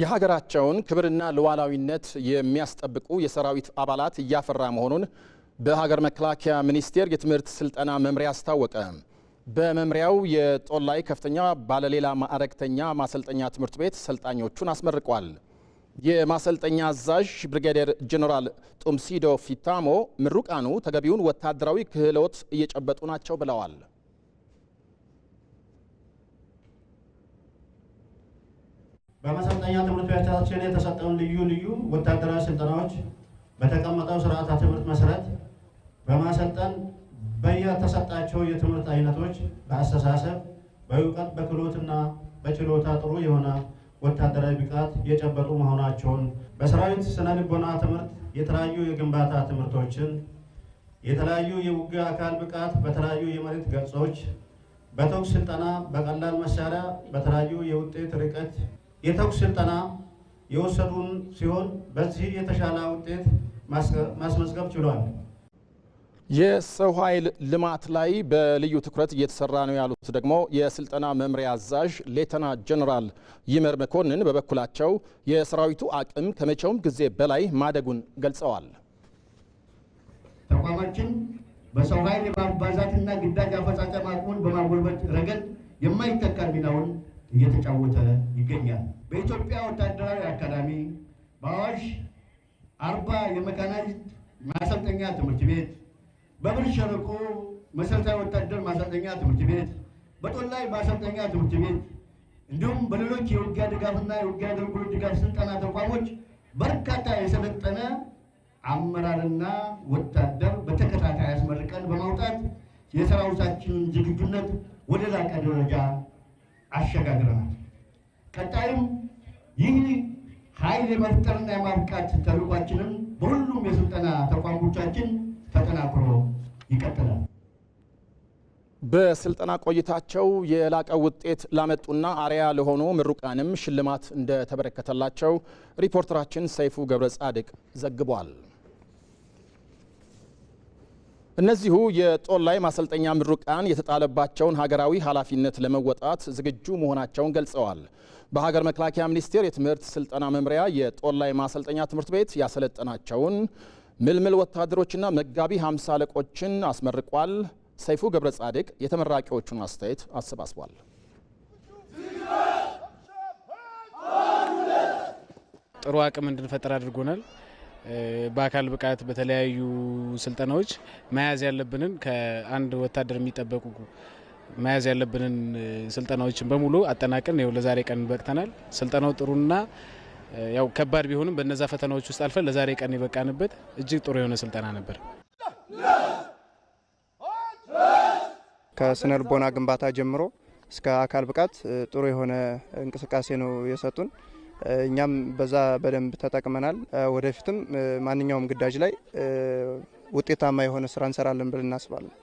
የሀገራቸውን ክብርና ሉዓላዊነት የሚያስጠብቁ የሰራዊት አባላት እያፈራ መሆኑን በሀገር መከላከያ ሚኒስቴር የትምህርት ስልጠና መምሪያ አስታወቀ። በመምሪያው የጦር ላይ ከፍተኛ ባለሌላ ማዕረግተኛ ማሰልጠኛ ትምህርት ቤት ሰልጣኞቹን አስመርቋል። የማሰልጠኛ አዛዥ ብሪጋዴር ጀኔራል ጡምሲዶ ፊታሞ ምሩቃኑ ተገቢውን ወታደራዊ ክህሎት እየጨበጡ ናቸው ብለዋል። በመሰልጠኛ ትምህርት ቤታችን የተሰጠውን ልዩ ልዩ ወታደራዊ ስልጠናዎች በተቀመጠው ስርዓተ ትምህርት መሰረት በማሰልጠን በየተሰጣቸው የትምህርት አይነቶች በአስተሳሰብ፣ በእውቀት፣ በክህሎትና በችሎታ ጥሩ የሆነ ወታደራዊ ብቃት የጨበጡ መሆናቸውን በሰራዊት ስነ ልቦና ትምህርት የተለያዩ የግንባታ ትምህርቶችን፣ የተለያዩ የውጊያ አካል ብቃት በተለያዩ የመሬት ገጾች፣ በተኩስ ስልጠና በቀላል መሳሪያ በተለያዩ የውጤት ርቀት የተኩስ ስልጠና የወሰዱን ሲሆን በዚህ የተሻለ ውጤት ማስመዝገብ ችሏል። የሰው ኃይል ልማት ላይ በልዩ ትኩረት እየተሰራ ነው ያሉት ደግሞ የስልጠና መምሪያ አዛዥ ሌተና ጀነራል ይመር መኮንን በበኩላቸው የሰራዊቱ አቅም ከመቼውም ጊዜ በላይ ማደጉን ገልጸዋል። ተቋማችን በሰው ኃይል የማባዛትና ግዳጅ አፈጻጸም አቅሙን በማጎልበት ረገድ የማይተካ ሚናውን እየተጫወተ ይገኛል። በኢትዮጵያ ወታደራዊ አካዳሚ፣ በአዋሽ አርባ የመካናይዝድ ማሰልጠኛ ትምህርት ቤት፣ በብር ሸለቆ መሰረታዊ ወታደር ማሰልጠኛ ትምህርት ቤት፣ በጦላይ ማሰልጠኛ ትምህርት ቤት እንዲሁም በሌሎች የውጊያ ድጋፍና የውጊያ አገልግሎት ድጋፍ ስልጠና ተቋሞች በርካታ የሰለጠነ አመራርና ወታደር በተከታታይ አስመርቀን በማውጣት የሰራዊታችንን ዝግጁነት ወደ ላቀ ደረጃ አሸጋግረናል። ቀጣይም ይህ ኃይል የመፍጠርና የማብቃት በሁሉም የስልጠና ተቋሞቻችን ተጠናክሮ ይቀጥላል። በስልጠና ቆይታቸው የላቀ ውጤት ላመጡና አርያ ለሆኑ ምሩቃንም ሽልማት እንደተበረከተላቸው ሪፖርተራችን ሰይፉ ገብረ ጻድቅ ዘግቧል። እነዚሁ የጦር ላይ ማሰልጠኛ ምሩቃን የተጣለባቸውን ሀገራዊ ኃላፊነት ለመወጣት ዝግጁ መሆናቸውን ገልጸዋል። በሀገር መከላከያ ሚኒስቴር የትምህርት ስልጠና መምሪያ የጦር ላይ ማሰልጠኛ ትምህርት ቤት ያሰለጠናቸውን ምልምል ወታደሮችና መጋቢ ሃምሳ አለቆችን አስመርቋል። ሰይፉ ገብረ ጻድቅ የተመራቂዎቹን አስተያየት አሰባስቧል። ጥሩ አቅም እንድንፈጠር አድርጎናል። በአካል ብቃት በተለያዩ ስልጠናዎች መያዝ ያለብንን ከአንድ ወታደር የሚጠበቁ መያዝ ያለብንን ስልጠናዎችን በሙሉ አጠናቅን ው ለዛሬ ቀን በቅተናል። ስልጠናው ጥሩና ያው ከባድ ቢሆንም በነዛ ፈተናዎች ውስጥ አልፈን ለዛሬ ቀን የበቃንበት እጅግ ጥሩ የሆነ ስልጠና ነበር። ከስነልቦና ልቦና ግንባታ ጀምሮ እስከ አካል ብቃት ጥሩ የሆነ እንቅስቃሴ ነው የሰጡን። እኛም በዛ በደንብ ተጠቅመናል። ወደፊትም ማንኛውም ግዳጅ ላይ ውጤታማ የሆነ ስራ እንሰራለን ብለን እናስባለን።